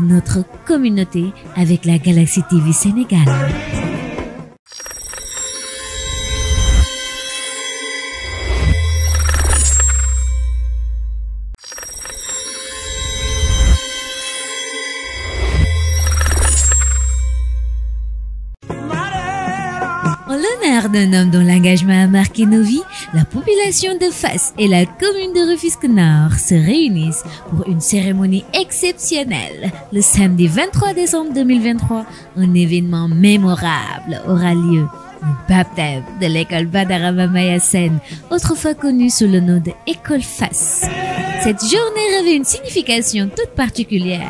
notre communauté avec la Galaxy TV Sénégal. l'honneur d'un homme dont l'engagement a marqué nos vies, la population de Fès et la commune de Rufisque-Nord se réunissent pour une cérémonie exceptionnelle. Le samedi 23 décembre 2023, un événement mémorable aura lieu baptême de l'école Badarama Mayasen, autrefois connue sous le nom de École FAS. Cette journée revêt une signification toute particulière,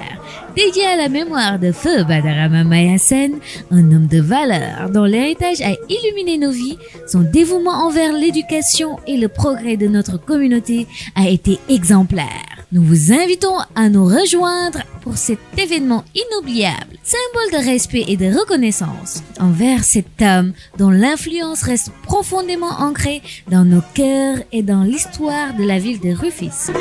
dédiée à la mémoire de feu Badarama Mayasen, un homme de valeur dont l'héritage a illuminé nos vies, son dévouement envers l'éducation et le progrès de notre communauté a été exemplaire. Nous vous invitons à nous rejoindre pour cet événement inoubliable, symbole de respect et de reconnaissance envers cet homme dont l'influence reste profondément ancrée dans nos cœurs et dans l'histoire de la ville de Rufis.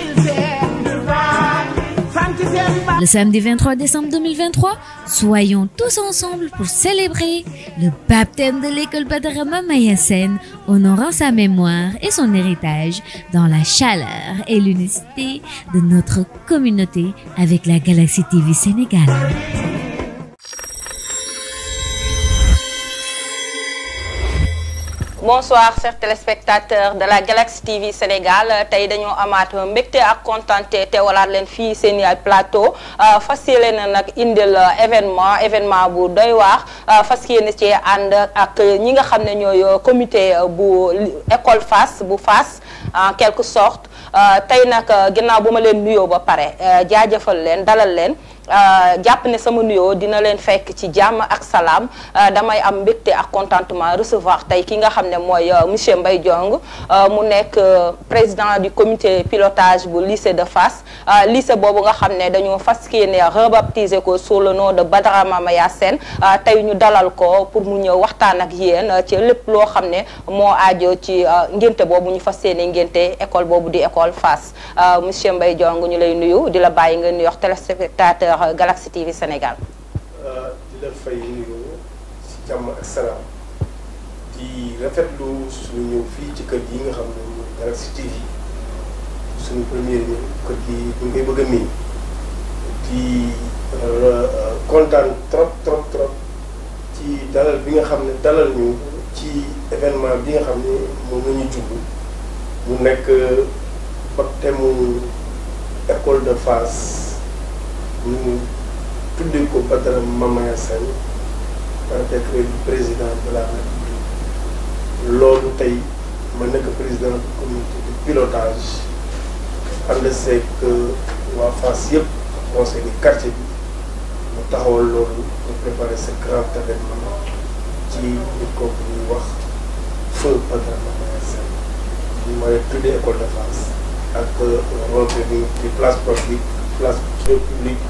Le samedi 23 décembre 2023, soyons tous ensemble pour célébrer le baptême de l'école Padarama Mayasen, honorant sa mémoire et son héritage dans la chaleur et l'unicité de notre communauté avec la Galaxy TV Sénégal. bonsoir chers téléspectateurs de la Galaxy TV Sénégal tey dañoo amaat mbégte ak contenté te walaat leen fii seen i plateau euh, fas yéene nag indil euh, événement événement bu doy waar euh, fas yéene ci ànd ak ñi nga xam ne ñooy comité bu école Fass bu Fass en quelque sorte tey nag ginnaaw bu ma leen nuyoo ba pare jaajëfal leen dalal leen. Euh, jàpp ne sama nuyoo dina leen fekk ci jàmm ak salaam euh, damay am mbégte ak contentement recevoir tey ki nga xam ne mooy euh, monsieur Mbaye Diong mu nekk président du commité pilotage bu lycée de fas lycée boobu nga xam ne dañoo fas yéene rebaptiser ko sous le nom de Badara Mamaya Sène tey ñu dalal ko pour mu ñëw waxtaan ak yéen ci lépp loo xam ne moo aajo ci ngénte boobu ñu fas yéene ngénte école boobu di école fas monsieur Mbaye Diong ñu lay nuyu di la bàyyi nga nuyox téléspectateur sur Galaxy TV Sénégal. Euh, di la fay nuyoo si jàmm ak salaam di rafetlu suñu ñëw fii ci kër gi nga xam ne mooy Galaxy TV suñu premier ñëw kër gi ñu ngi bëgg a miin di euh, kontaan trop trop trop ci dalal bi nga xam ne dalal ñu ci événement bi nga xam ne moom la ñu jublu mu nekk ba euh, école de Fass. ñu tuddee ko Badara Mamaya Sane par décret du président de la République loolu tey ma nekk président comité de pilotage ànd seeg waa Fass yëpp conseil du quartier bi mu taxawal loolu ñu préparer ce grand événement ci nit kooku ñuy wax feu Badara Mamaya Sane ñu may tuddee école de Fass ak rentrée bi place publique place publique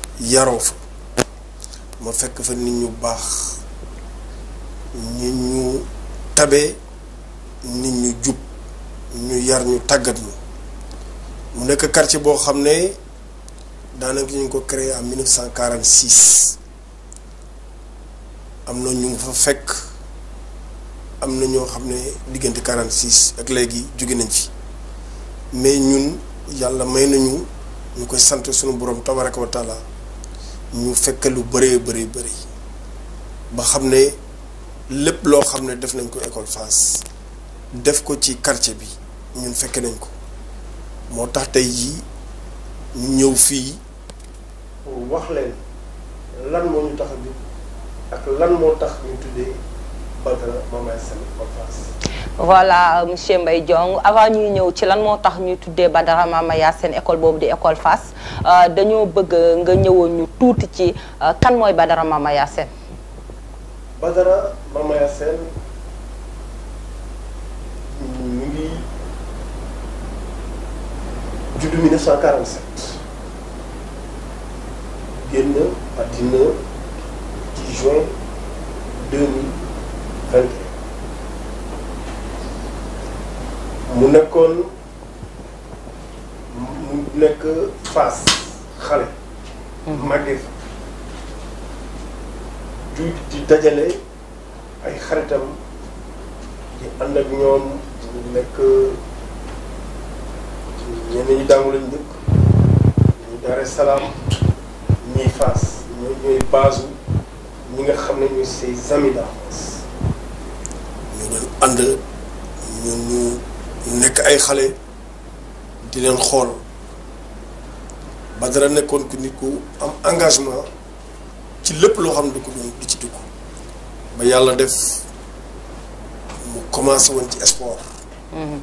yaroo fa ma fekk fa nit ñu baax nit ñu tabee nit ñu jub ñu yar ñu tàggat ñu mu nekk quartier boo xam ne daanaka ñu ngi ko créé en 1946 am na ñu ngi fa fekk am na ñoo xam ne diggante 46 ak léegi jóge nañ ci mais ñun yàlla may nañu ñu koy sant sunu borom tabaraka wa ñu fekk lu bëree bëri bëri ba xam ne lépp loo xam ne def nañ ko école France def ko ci quartier bi ñun fekk nañ ko moo tax tey jii ñu ñëw fii. wax leen lan moo ñu tax a ak lan moo tax ñu tuddee Badara Mamaye Sène école France. voilà monsieur Mbaye Diong avant ñuy ñëw ci lan moo tax ñuy de Badara Mama école boobu di école Fass euh, dañoo bëgg nga ñëwoon ñu tuuti ci euh, kan est Badara Mama Yacine. Badara Mama Yacine mu ngi juddu 1947 génn àddina 10 juin 2021. mu nekkoon mu nekk Fass xale. màggee fa du dajale ay xaritam di ànd ak ñoom mu nekk ñenn ñi dàngu lañ dëkk ñuy Daara Salaam ñuy Fass ñooy ñooy base ñi nga xam ne ñooy ses amis ñu doon ànd ñun ñu. nekk ay xale di leen xool ba dara nekkoon ku nit ku am engagement ci lépp loo xam ne du ko doon di ci dugg ba yàlla def mu commencé woon ci sport. Mm-hmm.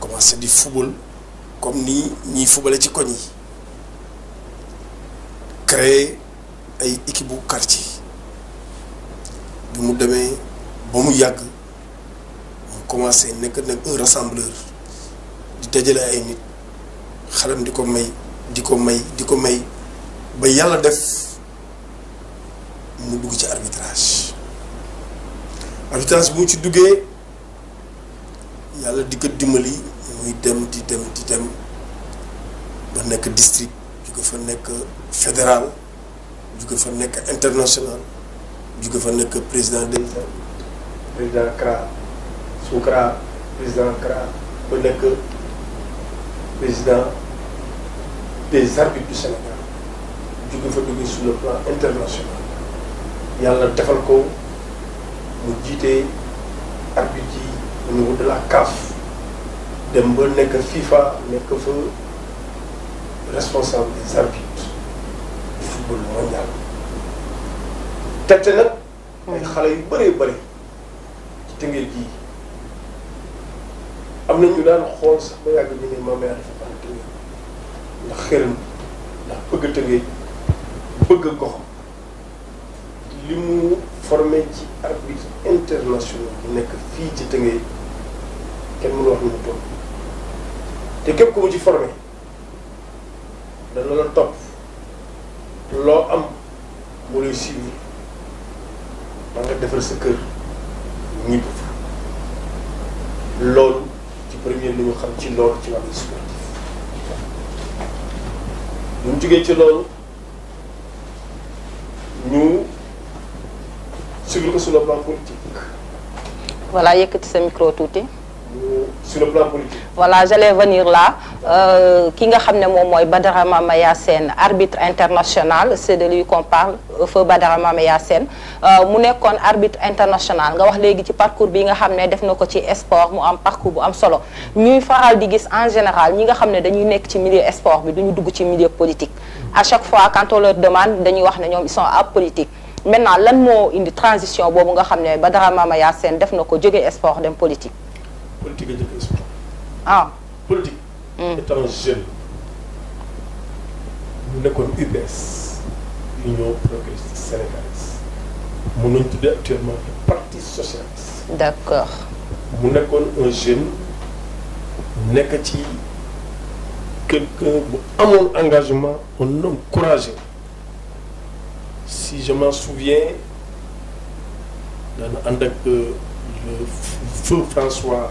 commencé di football comme nii ñiy footballé ci koñ yi créé ay équipe bu quartier bi mu demee ba mu yàgg. commencé nek nek un rassembleur di dajale ay nit xalam di may di may di may ba yalla def mu dugg ci arbitrage arbitrage bu mu ci duggé yalla di dimbali muy dem di dem di dem ba nek district diko fa nek fédéral diko fa nek international diko fa nek président de président su président Kra, président des arbitres du Sénégal du gouvernement sur le plan international Il y ko mu nous arbitres arbitre au niveau de la CAF de ba nekk FIFA que le responsable des arbitres du football mondial tette nag ay xale yu bëree bëri ci amna ñu daan xool sax ba yàgg ñu ne ma mère dafa bëgg tëngéej ndax xërëm ndax bëgg tëngéej bëgg gox li mu formé ci arbitre international bu nekk fii ci tëngéej kenn mënu wax ñu mu toll te képp ku mu ci formé dana la topp loo am mu lay suivi ba nga defar sa kër ñibbu fa loolu premier li ñu xam ci loolu ci wàllu sportif bu ñu jógee ñu suivre ko sur le plan politique. voilà sa micro tuuti. sur le plan politique. Voilà, j'allais venir là. qui euh, nga xamné mom arbitre international, c'est de lui qu'on parle, feu Badara mayasen, euh, arbitre international. Nga wax parcours parcours am solo. en général nous nga xamné dañuy milieu sport bi duñu milieu politique. À chaque fois quand on leur demande ils sont apolitiques. Maintenant lan mo une transition bobu politique politique de njëkk ah. hmm. étant jeune. Union actuellement parti socialiste. D'accord. un jeune quelqu'un à engagement un homme courageux si je m'en souviens dans le feu François.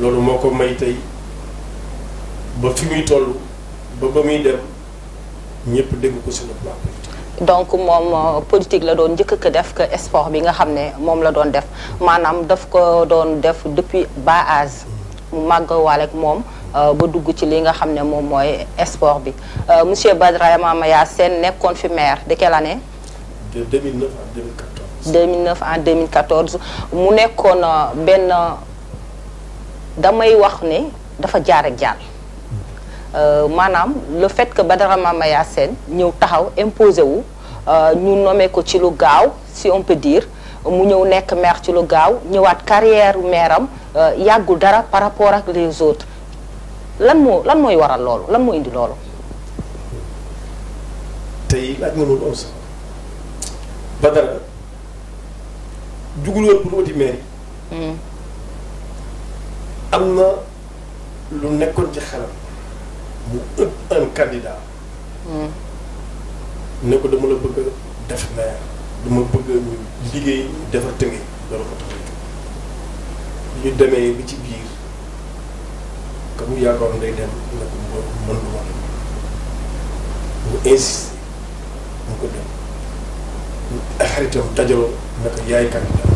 loolu moo ko may tey ba fi muy toll ba ba muy dem ñëpp dégg ko sur le plan donc moom euh, politique la doon njëkk ko def que sport bi nga xam ne moom la doon def maanaam daf ko doon def depuis bas âge mu màgg waale ak moom euh, ba dugg ci li nga xam ne moom mooy sport bi euh, monsieur Badara Mamaya Sène nekkoon fi maire de quelle année. de 2009 à 2014. 2009 à 2014 mu nekkoon benn. damay wax ne dafa jaar ak jaar euh, maanaam le fait que Badara Mamaya Sène ñëw taxaw imposé wu euh, ñu nommé ko ci lu gaaw si on peut dire mu ñëw nekk meex ci lu gaaw ñëwaat carrière meeram am euh, yàggul dara par rapport ak les autres lan moo lan mooy waral loolu lan moo indi loolu. tey laaj ma loolu aussi Badara jugul woon pour wuti maire. Hmm. am na lu nekkoon ci xelam mu ëpp un candidat. Hmm. ne ko dama la bëgg def maire dama bëgg liggéey defar tënge loolu ko tax demee bi ci biir ka mu yaakaaroon xaritam dajaloo ne yaay candidat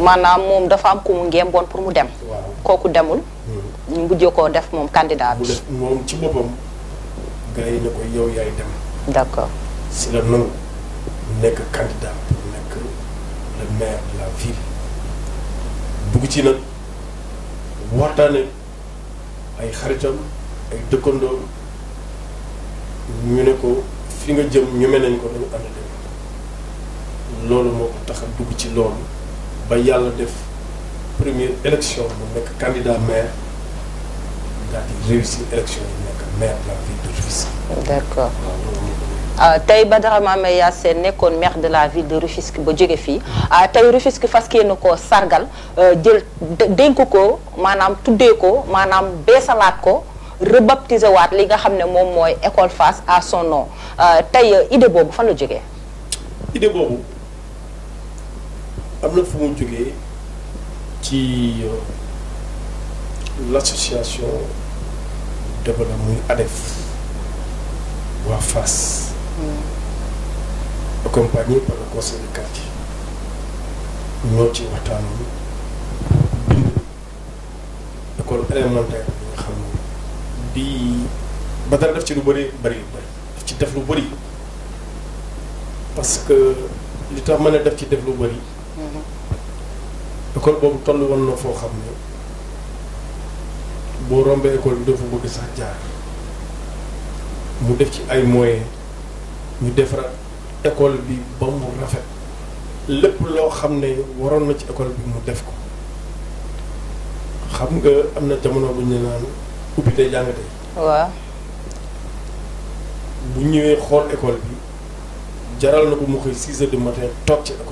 maanaam moom dafa am ku mu ngemboon pour mu dem. kooku demul. Hmm. ñu mujjee koo def moom candidat bi. moom ci boppam. gars ne ko yow yaay dem. d' accord si la nangu nekk candidat pour nekk le maire la ville. dugg ci nag waxtaane ay xaritam ay dëkkandoom ñu ne ko fi nga jëm ñu mel nañ ko dañu ànd loolu moo ko tax a dugg ci loolu. ba def première élection mu candidat maire daal di réussir élection yi maire de la ville de Rufisque. d'accord euh, tey Badara Mame né comme maire de la ville de Rufisque ba jóge fii euh, tey Rufisque fas yéene koo sargal euh, jël dénk ko tout tuddee ko maanaam beesalaat ko rebaptisé wat li nga xamné mom moy école face à son nom tey idée bobu fan la jógee. idée bobu am na fu mu jógee ci euh, l'association développement muy ADEF waa Fass mm. accompagné par le conseil de quartier ñoo ci waxtaan bind école élémentaire bi nga xam di bii ba dara def ci lu bëri bëri lu bëri daf ci def lu bëri parce que li tax mën a def ci def lu bëri école boobu toll woon noo foo xam ne boo rombee école bi doo fa bëgg sax jaar mu def ci ay moyens ñu defaraat école bi ba mu rafet lépp loo xam ne waroon na ci école bi mu def ko xam nga am na jamono bu ñu naan ubbi tey jàng tey bu ñëwee xool école bi jaral na ko mu xëy six heures matin toog ci école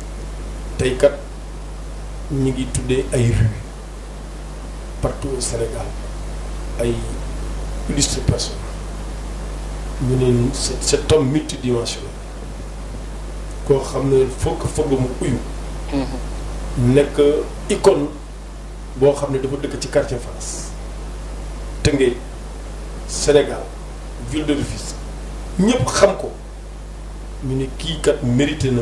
tey ñu ngi tuddee ay rue partout au Sénégal ay illustre personne ñu ne cet homme multidimensionnel koo xam ne foog foog mu uyu mm-hmm. nekk icône boo xam ne dafa dëkk ci quartier France Tëngéej Sénégal ville de Rufisque ñëpp xam ko ñu ne kiikat kat na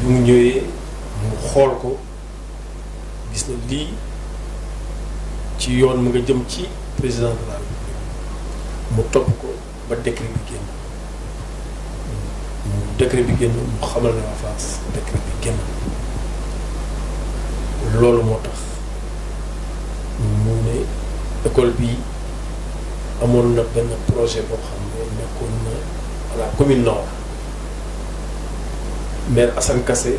bi mu ñëwee mu xool ko gis na lii ci yoon mu nga jëm ci président de la mu topp ko ba décret bi génn mu décret bi génn mu xamal na waa France bi génn loolu moo tax mu ne école bi amoon na benn projet boo xam ne nekkoon na à la commune nord maire Assane Kassé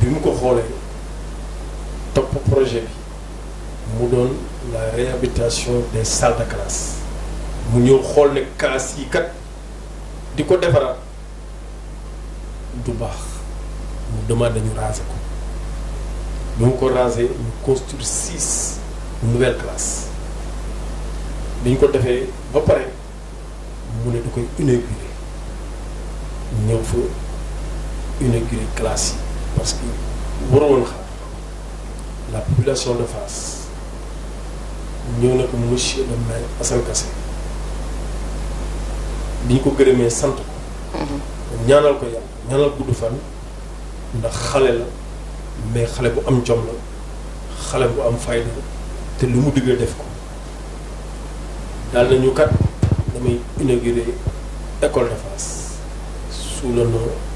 bi mu ko xoolee topp projet bi mu doon la réhabilitation des salles de classe mu ñëw xool ne classe yi kat di ko defaraat du baax mu demande ñu raser ko bi mu ko raser ñu construire six nouvelles classes bi ñu ko defee ba pare mu ne du koy inaugurer ñëw fa inauguré classe yi parce que waroon xam la population de Fass ñëw na ko monsieur le maire Assane Kassé bi ñu ko gërëmee sant ko. Mhm. ñaanal ko yàlla ñaanal gudd fan ndax xale la mais xale bu am jom xale bu am fayda te lu mu diggee def ko daal nañu kat damay inauguré école de Fass sous le nom.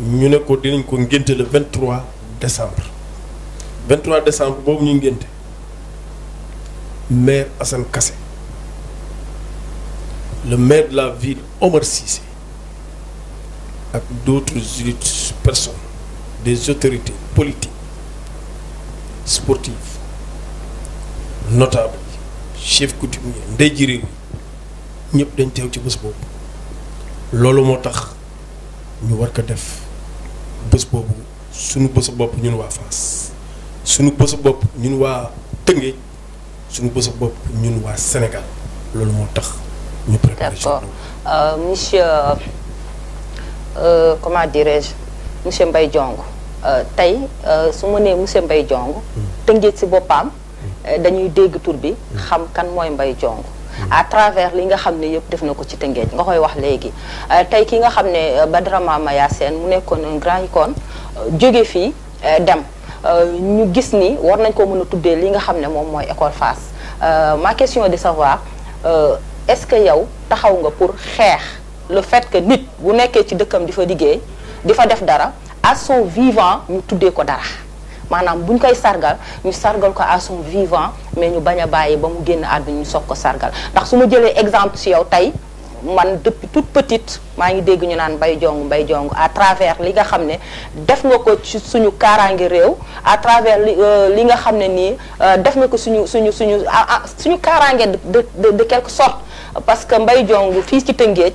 Nous ne ko le 23 décembre 23 décembre nous ñu dit « maire Hassan Kassé le maire de la ville Omar Cissé Et d'autres personnes des autorités politiques sportives notables chef coutumier ndey nous avons ñëpp dañ teew ci nous def bés boobu suñu bés bopp ñun waa Fass suñu bés bopp ñun waa Tëngéej suñu bés bopp ñun waa Sénégal loolu moo tax ñu préparé d'accord euh, monsieur euh, comment dirais-je monsieur Mbaye Diong euh, tey euh, su ma nee monsieur Mbaye Diong hmm. Tëngéej si boppam hmm. dañuy dégg tur bi hmm. xam kan mooy mbay jong à travers li nga xam ne yëpp def na ko ci Tëngéej nga koy wax léegi euh, tey ki nga xam ne euh, Badara Mamaya Sène mu nekkoon un grand icône euh, jóge fii dem ñu gis ni war nañ ko mën a tuddee li nga xam ne moom mooy école Fass ma question de savoir est-ce que yow taxaw nga pour xeex le fait que nit bu nekkee ci dëkkam di fa liggéey di fa def dara à son vivant ñu tuddee ko dara maanaam bu ñu koy sargal ñu sargal ko à son vivant mais ñu bañ a bàyyi ba mu génn àdduna ñu soog ko sargal ndax su ma jëlee exemple si yow tey man depuis toute petite maa ngi dégg ñu naan Mbaye Diong Mbaye Diong à travers li nga xam ne def na ko su suñu kaaraange réew à travers li euh, li nga xam ne nii euh, def nga ko suñu suñu suñu ah, ah, suñu kaaraange de de de quelque sorte parce que mbay Diong fii ci Tëngéej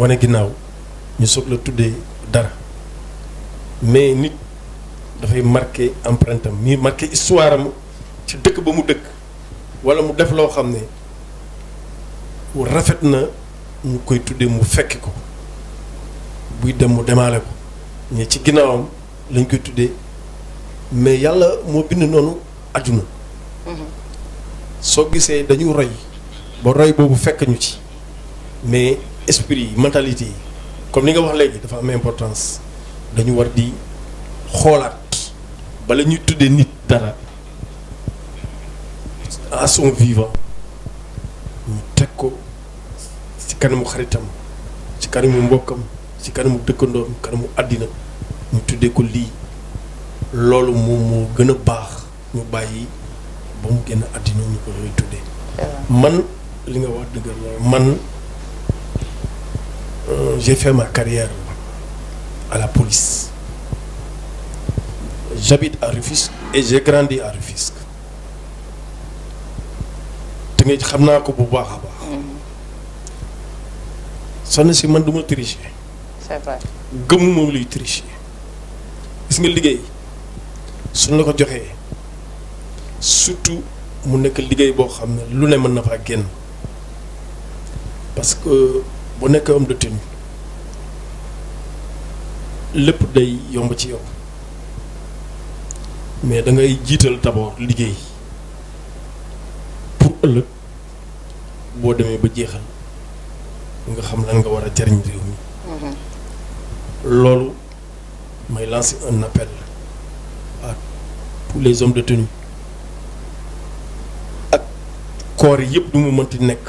wane ginnaaw ñu soog la tuddee dara mais nit dafay marqué empreinte am muy marqué histoire am ci dëkk ba mu dëkk wala mu def loo xam ne rafet na ñu koy tuddee mu fekki ko buy dem mu demaale ko mais ci ginnaawam lañ koy tuddee mais yàlla moo bind noonu ajuna mm-hmm. soo gisee dañu roy ba roy boobu fekk ñu ci mais esprit mentalité yi comme li nga wax léegi dafa am importance dañu war di xoolaat bala ñuy tuddee nit dara à son vivant ñu teg ko ci kanamu xaritam ci kanamu mbokkam ci kanamu dëkkandoom kanamu àddina ñu tuddee ko lii loolu moom moo gën a baax ñu bàyyi ba mu génn àddina ñu ko koy tuddee ah. man li nga wax dëgg man Euh, j'ai fait ma carrière à la police. J'habite à Rufisque et j'ai grandi à Rufisque. je sais que ko bu baax a je ne pas du tricher. c'est vrai ne moom pas tricher. nga ko surtout mu nekk liggéey boo je ne je ne mën parce que. bu nekkee homme de lépp day yomb ci yow mais da ngay jiital d'abord liggéey pour ëllëg boo demee ba jeexal nga xam lan nga war a jariñ réew mi mm-hmm. loolu may lancer un appel à tous les hommes de tenue ak corps yëpp du mu mënti nekk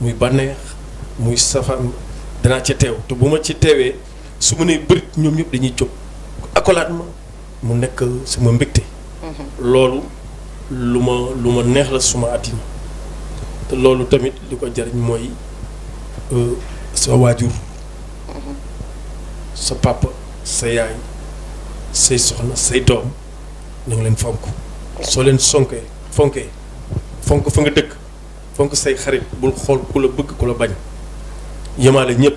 muy bànneex muy safaan danaa ca teew te bu ma ci teewee su ma nee bërit ñoom ñëpp dañuy jóg akolaat ma mu nekk sama mbégte. Mhm. loolu lu ma lu ma neex la suma àddina te loolu tamit li ko jariñ mooy euh, sa waajur mhm. sa papa sa yaay say soxna say doom na leen fonk soo leen sonkee fonkee fonk fa nga dëkk fonk say xarit bul xool ku la bëgg ku la bañ yemaale ñëpp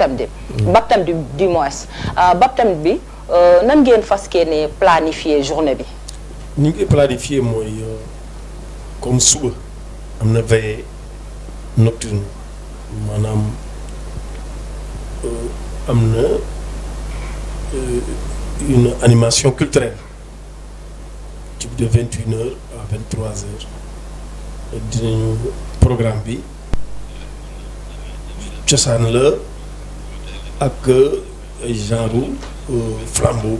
baptême de baptême du mois mois euh, baptême bi euh, nan ngeen fasquene planifier journée bi ni ngi planifier moy euh, comme souba amna veille nocturne manam amna une animation culturelle type de 21h à 23h du programme B. Tchassane le que euh, jean genre euh, flambeau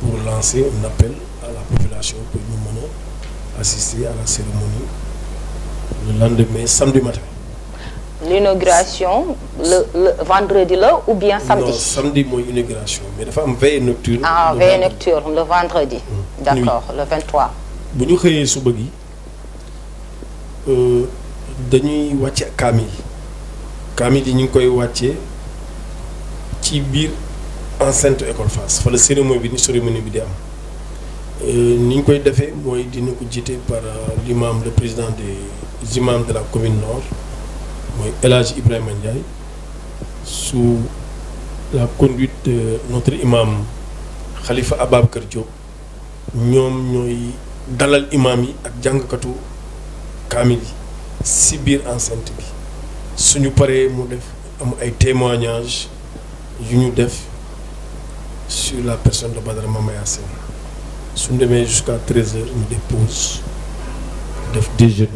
pour lancer un appel à la population pour nous assister à la cérémonie le lendemain samedi matin. l'inauguration le vendredi là ou bien samedi. non samedi mon inauguration mais dafa veille nocturne. ah veille nocturne le vendredi. Mm. d'accord, le 23. Bonjour, nous xëyee suba euh, dañuy camille sibir enceinte et qu'on fa le cérémonie bi ni cérémonie bi di Nous ni été koy par euh, l'imam le président des imams de la commune nord mooy Ibrahim Hadj Ndiaye sous la conduite de notre imam Khalifa abab Diop nous ñooy dalal imam yi ak jàngkatu sibir enceinte ce suñu pas mu def témoignages sur la personne de Badara Mamaya Si nous demain jusqu'à 13 h une dépose def déjeuner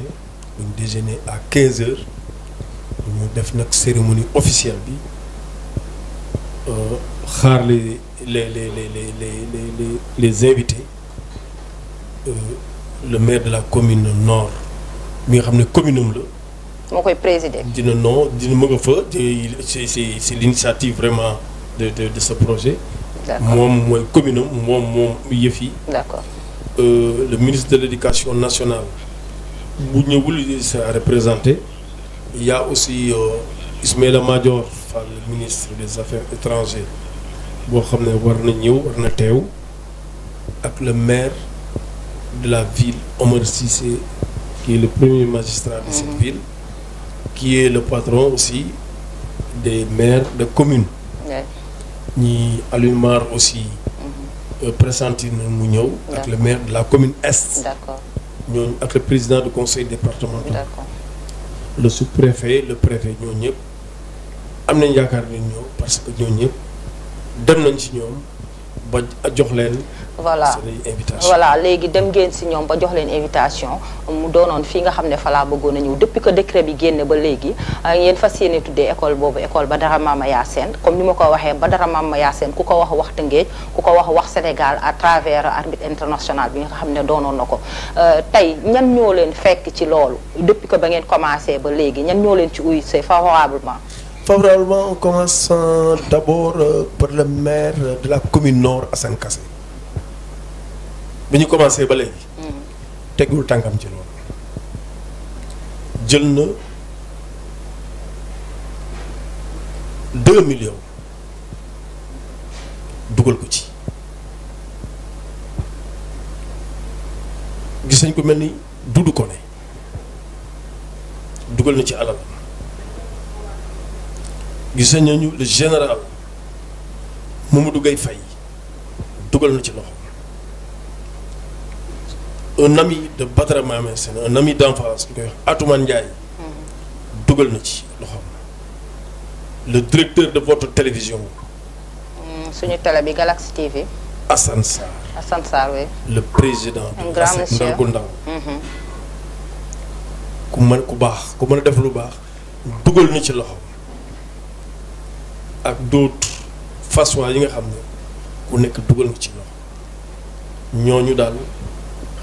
déjeuner à 15 h ñu def une cérémonie officielle bi euh, les les les les les les les invités euh, le maire de la commune nord nous nga une commune c'est l'initiative vraiment de ce projet. moi suis commune moi, euh, le ministre de l'éducation nationale bu représenté il y a aussi euh, Ismaël Amadior le ministre des affaires étrangères qui le maire de la ville Omar qui est le premier magistrat de cette mhm. ville qui est le patron aussi des maires de communes. ni Alioune aussi. Mhm. Euh, pressenti président mu le maire de la commune est. d'accord avec le président du conseil départemental. le sous-préfet le préfet nous ñëpp am nañ yaakaar parce que nous ñëpp dem nañ ci voilà voilà légui dem ngeen ci ñom ba jox leen invitation mu donon fi nga xam ne falaa bëggoon a depuis que décret bi génne ba légui ah, ngeen fas tuddé école bobu école Badara Mama Yacine comme nima ko waxé Badara Mama Yacine kuko wax wax Tëngéej ku kuko wax wax Sénégal à travers arbitre international bi nga xam donon nako euh tay ñan ñoo leen fekk ci loolu depuis que ba ngeen commencé ba légui ñan ñoo leen ci uy c'est favorablement favorablement on commence euh, d'abord euh, par le maire de la commune nord saint Kassé bi ñu commencé ba léegi. Mm. tegul tànkam ci jël na deux millions dugal ko ci gis nañ ko mel ni dudu ko ne dugal na ci alal gis nañu le général Mamadou Gueye Faye dugal na ci loxo. un ami de Badara Mamé c'est un ami d'enfance ñu koy wax Ndiaye ci le directeur de votre télévision. Mm, suñu télé bi Galaxy TV. Assane Sarr Assane Sarr oui. le président. un grand monsieur Ndongo Ndaw mm-hmm. ku monsieur. ku baax ku mën def lu baax ci ak d'autres façons yi nga xam ne ku nekk dugal na ci loxo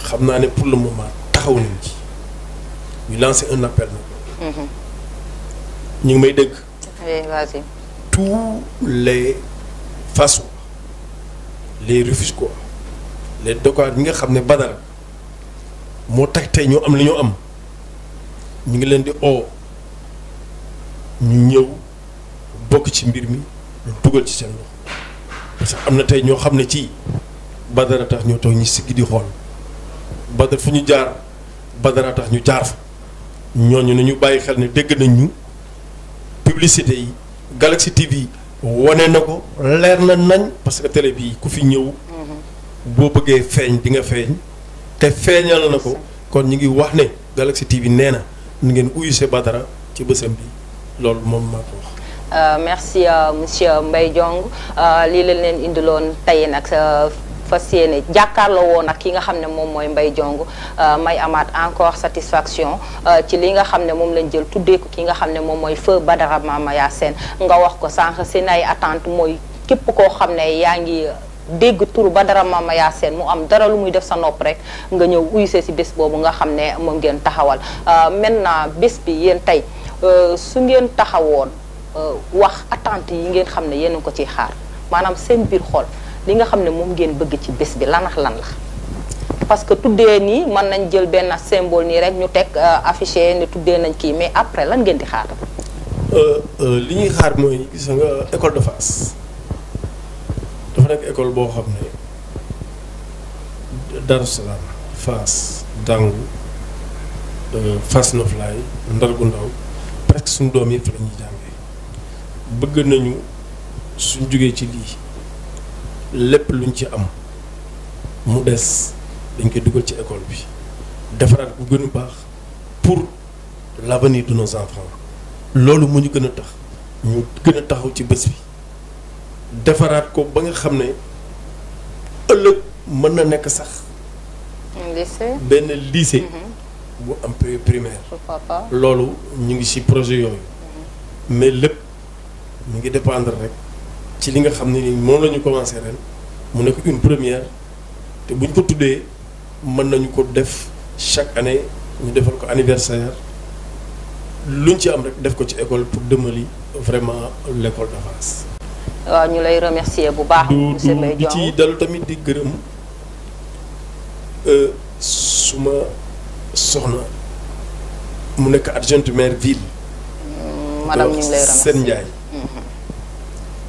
pour le moment taxaw ci lancer un appel mhm. ñu tous les façons les refus, les Doka qui nga que ne Badara tax nous hommes. nous li am ñu ngi sommes di ñu ci mbir mi nous ci parce que sommes Badar fu ñu jaar Badara tax ñu jaar fa ñooñu nañu bàyyi xel ne dégg nañ ñu publicité yi Galaxy TV wane na ko leer na nañ parce que télé bii ku fi ñëw boo bëggee feeñ di nga feeñ te feeñal na ko kon ñu ngi wax ne Galaxy TV nee na nu ngeen uyuse Badara ci bësam bi loolu moom maa ko wax euh, merci euh, euh, indiloon tey nag fas yéene jàkkaarloo woon ak ki nga xam ne moom mooy mbay jong euh, may amaat encore satisfaction euh, ci li nga xam ne moom lañ jël tuddee ko ki nga xam ne moom mooy feu Badara Mamaya Sène nga wax ko sànq seen ay attente mooy képp koo xam ne yaa ngi dégg tour ba dara Badara Mamaya seen mu am dara lu muy def sa nopp rek nga ñëw uyusee si bés boobu nga xam ne moom ngeen taxawal euh, maintenant bés bi yéen tey su ngeen taxawoon wax attente yi ngeen xam ne yéen ko ci xaar maanaam seen biir xol li nga xamne mom ngeen bëgg ci bës bi lanax lan la parce que tuddé ni man nañ jël ben symbole ni rek ñu teg euh, affiché ni tuddé nañ ki mais après lan ngeen di xaar euh euh li ñi xaar moy gis nga école de face dafa nekk école bo xamne dar salam face dangu euh face no fly ndar gu Ndaw presque suñu doom yëpp la ñuy jàngee bëgg nañu suñu jógee ci li lépp luñ ci am mu des dañ koy dugal ci école bi defaraat bu gën a baax pour l'avenir de nos enfants loolu mu ñu gën a tax ñu gën a taxaw ci bés bi defaraat ko ba nga xam ne ëllëg mën na nekk sax. lycée benn lycée. Mm-hmm. bu am primaire. pourquoi pas loolu ñu ngi ci projet yooyu. Mm-hmm. mais lépp mu ngi dépendre rek. ci li nga xam ne nii moom la ñu commencé ren mu nekk une première te bu ñu ko tuddee mën nañu ko def chaque année ñu defal ko anniversaire luñ ci am rek def ko ci école pour dëmali vraiment l' école de Fass. waaw ñu lay remercier bu baax. monsieur Mbaye Diong ci dalu tamit di gërëm euh, suma soxna mu nekk adjointe maire ville. Mm, madame ñu ngi lay remercier Sène Ndiaye.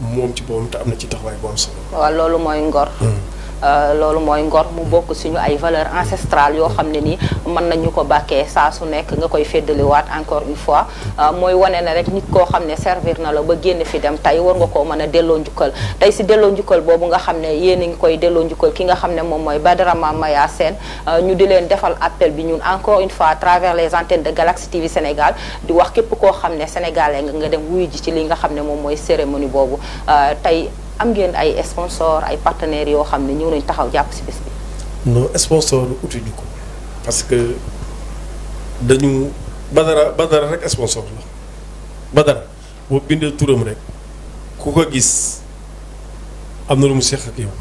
moom ci boobu te am na ci taxawaay bu am solo. waaw loolu mooy ngor. Hmm. Euh, loolu mooy ngor mu bokk suñu ay valeurs ancestrales yoo xam ne nii mën nañu ko bàkkee saa su nekk nga koy féddaliwaat encore une fois euh, mooy wane na rek nit koo xam ne servir na la ba génn fi dem tey war nga koo mën a delloo njukkal tey si delloo njukkal boobu nga xam ne yéen a ngi koy delloo njukkal ki nga xam ne moom mooy Badara Mamaya Sène euh, ñu di leen defal appel bi ñun encore une fois travers les antennes de Galaxy TV Sénégal di wax képp ko xam ne sénégalais nga nga dem wuyu ji ci li nga xam ne moom mooy cérémonie boobu tey am ngeen ay sponsor ay partenaires yoo xam ne ñëw nañ taxaw jàpp si bés bi. non sponsor uti ñu parce que dañu Badara Badara rek sponsor la Badara boo bindee turam rek ku ko gis am na lu mu seq ak yow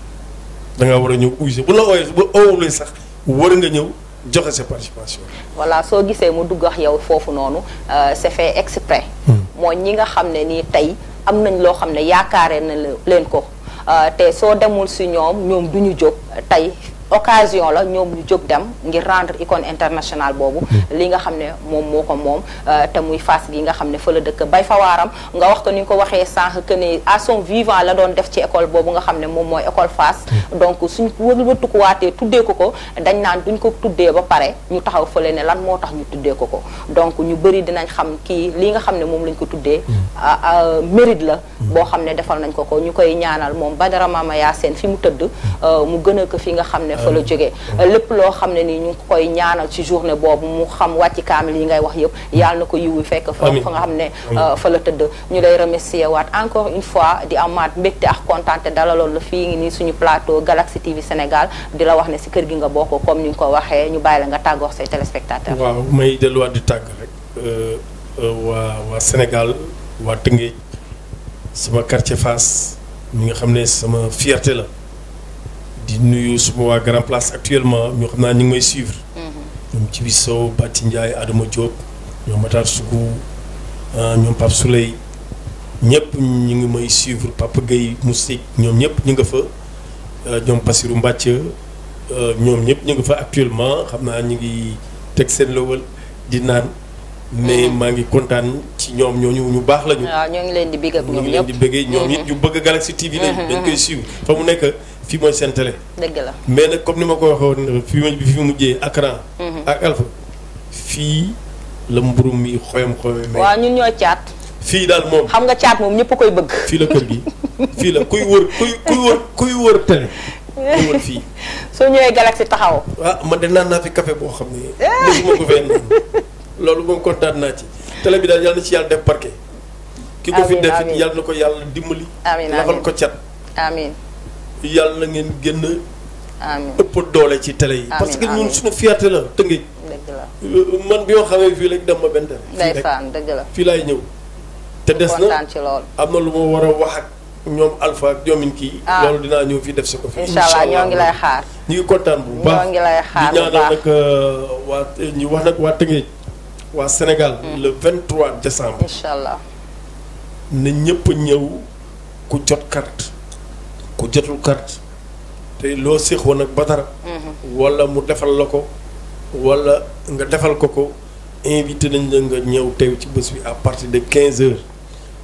da war a ñëw uy bu la ooyee ba oowulee sax war nga ñëw. joxe sa participation. voilà soo gisee mu dugg ak yow foofu noonu euh, c'est fait exprès. Hmm. mooy ñi nga xam ne nii tey am nañ loo xam ne yaakaare na leen ko euh, te soo demul si ñoom ñoom duñu jóg tey occasion la ñoom ñu jóg dem ngir rendre icône internationale boobu hmm. li nga xam ne moom moo ko moom euh, te muy Fass gi nga xam ne fa la dëkk bay fa waaram nga wax ko ni nga ko waxee sànq que ne asson son vivant la doon def ci école boobu nga xam ne moom mooy école Fass hmm. donc suñ wëlbatikuwaatee tuddee ko ko dañ naan duñ ko tuddee ba pare ñu taxaw fële ne lan moo tax ñu tuddee ko ko donc ñu bëri dinañ xam kii li nga xam ne moom lañ ko tuddee hmm. mérite la boo xam ne defal nañ ko ko ñu koy ñaanal moom Badara Mama Yacine fi mu tëdd euh, mu gën ko fi nga xam ne ne fa la jógee lépp loo xam ne nii ñu ngi koy ñaanal ci journée boobu mu xam wàcc kaamil yi ngay wax yëpp mm. yàlla na ko yiwu fekk fa fa nga xam ne euh, fa la tëdd ñu lay remercier waat encore une fois di amaat mbégte ak kontaante dalaloon la fii ngi nii suñu plateau Galaxy TV Sénégal di la wax ne si kër gi nga bokk comme ni nga ko waxee ñu bàyyi la nga tàggoo say téléspectateurs waaw may delluwaat di tàgg rek euh, euh, waa waa Sénégal waa Tëngéej sama quartier Fass mi nga xam ne sama fierté la di nuyu suma waa grand place actuellement ñoo xam naa ñu ngi may suivre. Mhm. ñoom Jibi Sow Bati Ndiaye Adama Diop ñoom Matar Sougou ah, ñoom Pape Souley ñëpp ñu ngi may suivre Papa Gueye Moustique ñoom ñëpp ñu nga fa ah, ñoom Bassirou Mbàcc ah, ñoom ñëpp ñu nga fa actuellement xam naa ñu ngi teg seen lowal di naan. mais mhm. maa ngi kontaan ci ñoom ñooñu ñu baax lañu. ñoo ngi leen di bëgg ak ñoom ñëpp ñu bëggee ñoom it mhm. ñu bëgg Galaxy TV lañ. dañ koy suivre fa mu nekk. fii mooy seen télé. dëgg la mais nag comme ni ma ko waxoon fii ma fi mujjee Accra. ak Alpha mhm. fii la mburum mi xoyam xoyam. waaw ñun ñoo caat. fii daal moom xam nga caat moom ñépp koy bëgg. fii la kër gi fii la kuy wër kuy kuy wër kuy wër télé. kuy wër fii. soo ñëwee Galaxy taxaw. ah man de naan naa fi café boo xam ne. loolu moom kontaan naa ci télé bi daal yàlla na ci yàlla def parquet. ki ko fi def yàlla na ko yàlla dimbali. amiin amiin lafal yàlla na ngeen génn. amiin ëpp doole ci télé yi. parce que ñun suñu fierté la tëngéej. man bi ma xamee fii rek dem benn télé. fii laay ñëw. te des na am na lu ma war a wax ak ñoom Alpha ak ñoomin kii. Ah. loolu dinaa ñëw fii def si ko fi. incha ñoo ngi lay xaar. ñu ngi kontaan bu baax ñoo ngi lay xaar bu baax di ñaanal nag euh, waa ñu wax nag waa tëngéej waa Sénégal. Mm. le 23 décembre. incha allah na ñëpp ñëw ku jot carte. ku jotul carte te loo séexoon ak Badara mm-hmm. walla mu defal la ko wala nga defal ko ko invité nañ la nga ñëw teew ci bés bi à partir de quinze heures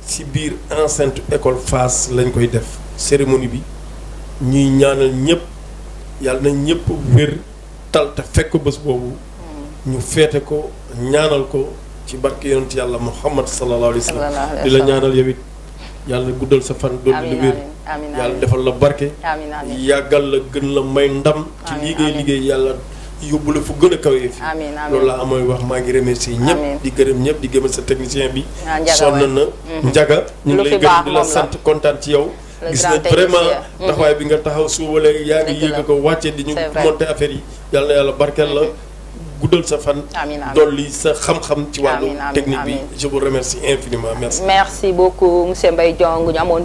si biir enceinte école Fass lañ koy def cérémonie bi ñuy ñaanal ñëpp yàlla na ñëpp wér tal te fekk bés boobu mm-hmm. ñu feete ko ñaanal ko ci barke yonent yàlla Muhammad sallallahu alayhi wa sallam di la ñaanal yow it yàlla guddal sa fan doon lu wér amiin yàlla defal la barke. amiin yàggal la gën la may ndam. ci lii liggéey yàlla yóbbu la fu gën a kawee fi. amiin loolu laa amooy wax maa ngi remercier ñëpp. di gërëm ñëpp di gërëm sa technicien bi. Ah, sonn na mhm. njaga ñu ngi lay gërëm di la sant kontaan ci yow. gis nañ vraiment taxawaay bi nga taxaw suubale yaa ngi yëg ko wàcce di ñu monter affaire yi yàlla na yàlla barkeel la mhm. guddal sa fan. amiin dolli sa xam-xam. ci walu technique bi je vous remercie infiniment merci. merci beaucoup monsieur Mbaye Diong ñu amoon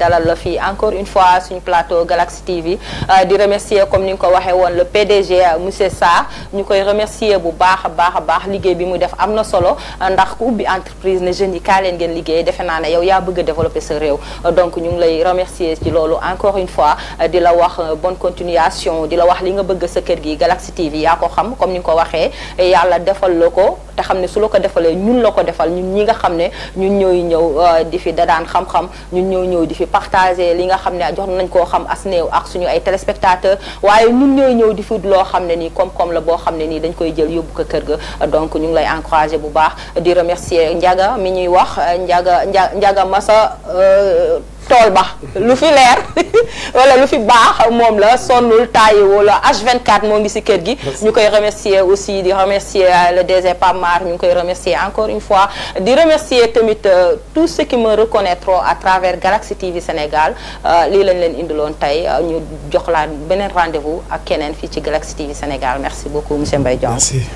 dalal la fi encore une fois suñu plateau Galaxy TV euh, di remercier comme ni nga ko waxee le PDG monsieur Sarr ñu koy remercier bu baax a baax a baax liggéey bi mu def amna solo ndax ku ubbi entreprise ne jeunes yi kaa leen ngeen liggéey defe yow ya bëgg développer ce réew donc ñu lay remercier ci lolu encore une fois di la wax bonne continuation di la wax li nga bëgg sa kër gi Galaxy TV ya ko xam comme ni nga ko wax waxee yàlla defal la ko te xam ne su la ko defalee ñun la ko defal ñun ñi nga xam ne ñun ñooy ñëw euh, di fi dadaan xam-xam ñun ñoo ñëw di fi partagé li nga xam ne jox nañ koo xam as néew ak suñu ay téléspectateurs waaye ñun ñooy ñëw di fi loo xam ne nii koom-koom la boo xam ne nii dañ koy jël yóbbu ko kër ga donc ñu ngi lay encouragé bu baax di remercier Ndiaga mi ñuy wax Ndiaga Ndiaga Ndiaga Massa euh, tool ba lu fi leer wala lu fi baax mom la sonul tayi wala H24 mo ngi ci kër gi remercier aussi di remercier euh, le désert mar ñukoy remercier encore une fois di remercier tamit euh, tous ceux qui me reconnaîtront à travers Galaxy TV Sénégal euh, li lañ leen indulon tay ñu jox la benen rendez-vous ak kenen fi ci Galaxy TV Sénégal merci beaucoup monsieur Mbaye Diagne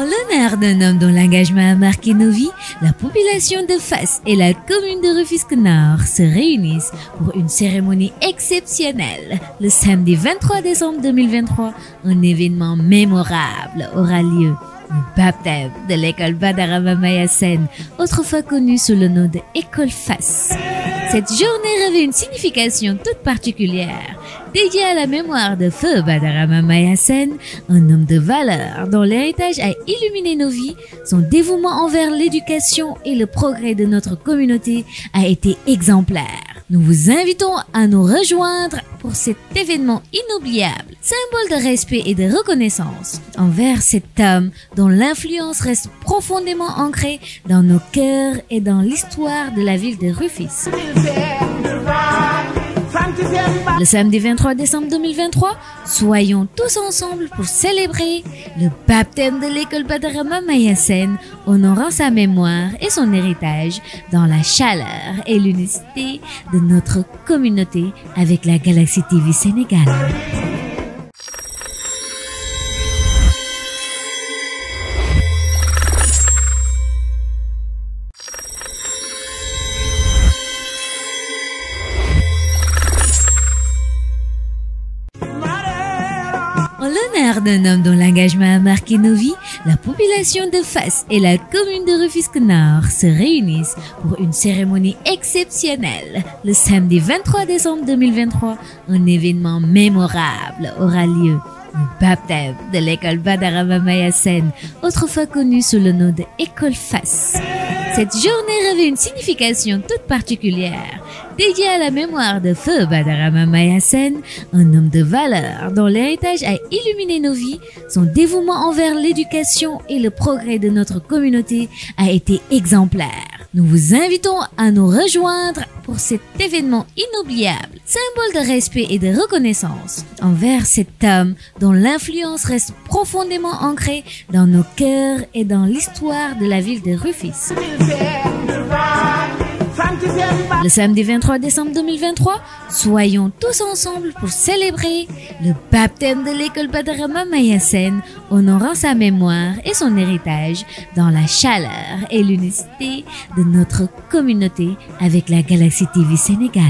en l'honneur d'un homme dont l'engagement a marqué nos vies, la population de Fès et la commune de Rufisque Nord se réunissent pour une cérémonie exceptionnelle. Le samedi 23 décembre 2023, un événement mémorable aura lieu. Baptême de l'école Badarama Mayasen, autrefois connue sous le nom de École FAS. Cette journée revêt une signification toute particulière, dédiée à la mémoire de feu Badarama Mayasen, un homme de valeur dont l'héritage a illuminé nos vies, son dévouement envers l'éducation et le progrès de notre communauté a été exemplaire. Nous vous invitons à nous rejoindre pour cet événement inoubliable, symbole de respect et de reconnaissance envers cet homme dont l'influence reste profondément ancrée dans nos cœurs et dans l'histoire de la ville de Rufis. Le samedi 23 décembre 2023, soyons tous ensemble pour célébrer le baptême de l'école Padarama Mayasen, honorant sa mémoire et son héritage dans la chaleur et l'unicité de notre communauté avec la Galaxie TV Sénégal. d'un homme dont l'engagement a marqué nos vies, la population de Fès et la commune de Rufisque Nord se réunissent pour une cérémonie exceptionnelle. Le samedi 23 décembre 2023, un événement mémorable aura lieu Baptême de l'école Badarama Mayasen, autrefois connue sous le nom de École FAS. Cette journée revêt une signification toute particulière, dédiée à la mémoire de feu Badarama Mayasen, un homme de valeur dont l'héritage a illuminé nos vies, son dévouement envers l'éducation et le progrès de notre communauté a été exemplaire. Nous vous invitons à nous rejoindre pour cet événement inoubliable, symbole de respect et de reconnaissance envers cet homme dont l'influence reste profondément ancrée dans nos cœurs et dans l'histoire de la ville de Rufis. Le samedi 23 décembre 2023, soyons tous ensemble pour célébrer le baptême de l'école Badarama Mayasen, honorant sa mémoire et son héritage dans la chaleur et l'unicité de notre communauté avec la Galaxy TV Sénégal.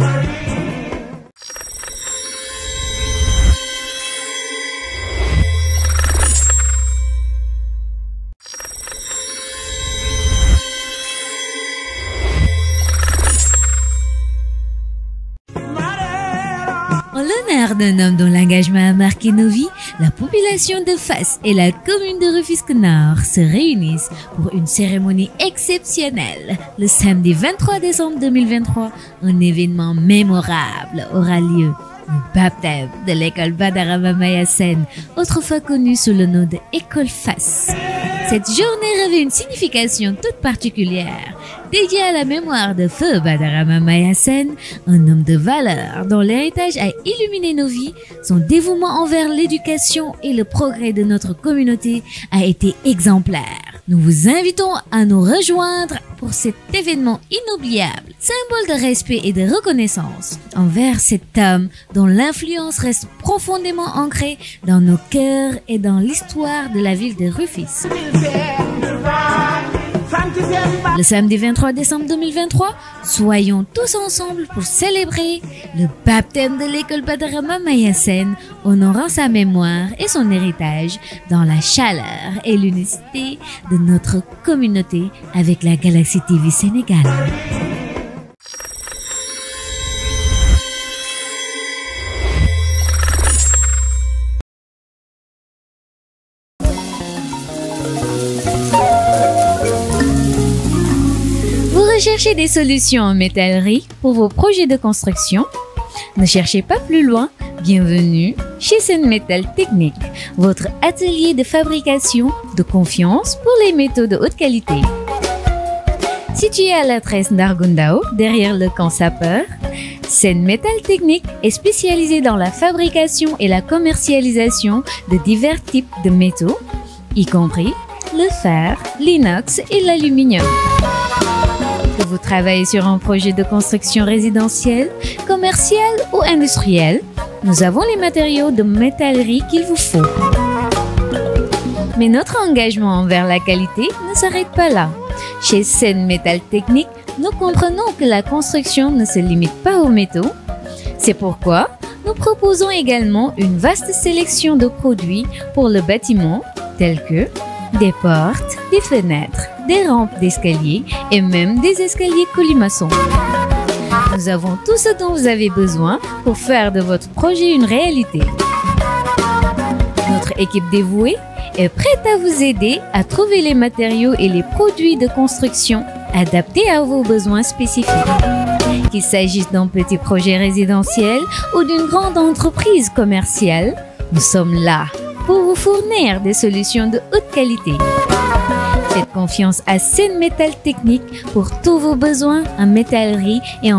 d'un homme dont l'engagement a marqué nos vies, la population de Fas et la commune de Rufisque Nord se réunissent pour une cérémonie exceptionnelle. Le samedi 23 décembre 2023, un événement mémorable aura lieu. Le baptême de l'école Badarama autrefois connue sous le nom de École Fès. Cette journée revêt une signification toute particulière Dédié à la mémoire de feu Badarama Mayasen, un homme de valeur dont l'héritage a illuminé nos vies, son dévouement envers l'éducation et le progrès de notre communauté a été exemplaire. Nous vous invitons à nous rejoindre pour cet événement inoubliable, symbole de respect et de reconnaissance envers cet homme dont l'influence reste profondément ancrée dans nos cœurs et dans l'histoire de la ville de Rufis. Le samedi 23 décembre 2023, soyons tous ensemble pour célébrer le baptême de l'école Padrama Mayasen, honorant sa mémoire et son héritage dans la chaleur et l'unicité de notre communauté avec la Galaxie TV Sénégal. cherchez des solutions en métallerie pour vos projets de construction Ne cherchez pas plus loin. Bienvenue chez Sen Metal Technique, votre atelier de fabrication de confiance pour les métaux de haute qualité. Situé à la l'adresse d'Argundao, derrière le camp sapeur, Sen Metal Technique est spécialisé dans la fabrication et la commercialisation de divers types de métaux, y compris le fer, l'inox et l'aluminium que vous travaillez sur un projet de construction résidentielle, commerciale ou industrielle, nous avons les matériaux de métallerie qu'il vous faut. Mais notre engagement envers la qualité ne s'arrête pas là. Chez Sen Metal Technique, nous comprenons que la construction ne se limite pas aux métaux. C'est pourquoi nous proposons également une vaste sélection de produits pour le bâtiment, tels que des portes, des fenêtres, des rampes d'escalier et même des escaliers colimaçons. Nous avons tout ce dont vous avez besoin pour faire de votre projet une réalité. Notre équipe dévouée est prête à vous aider à trouver les matériaux et les produits de construction adaptés à vos besoins spécifiques. Qu'il s'agisse d'un petit projet résidentiel ou d'une grande entreprise commerciale, nous sommes là pour vous fournir des solutions de haute qualité. Faites confiance à Scène Métal Technique pour tous vos besoins en métallerie et en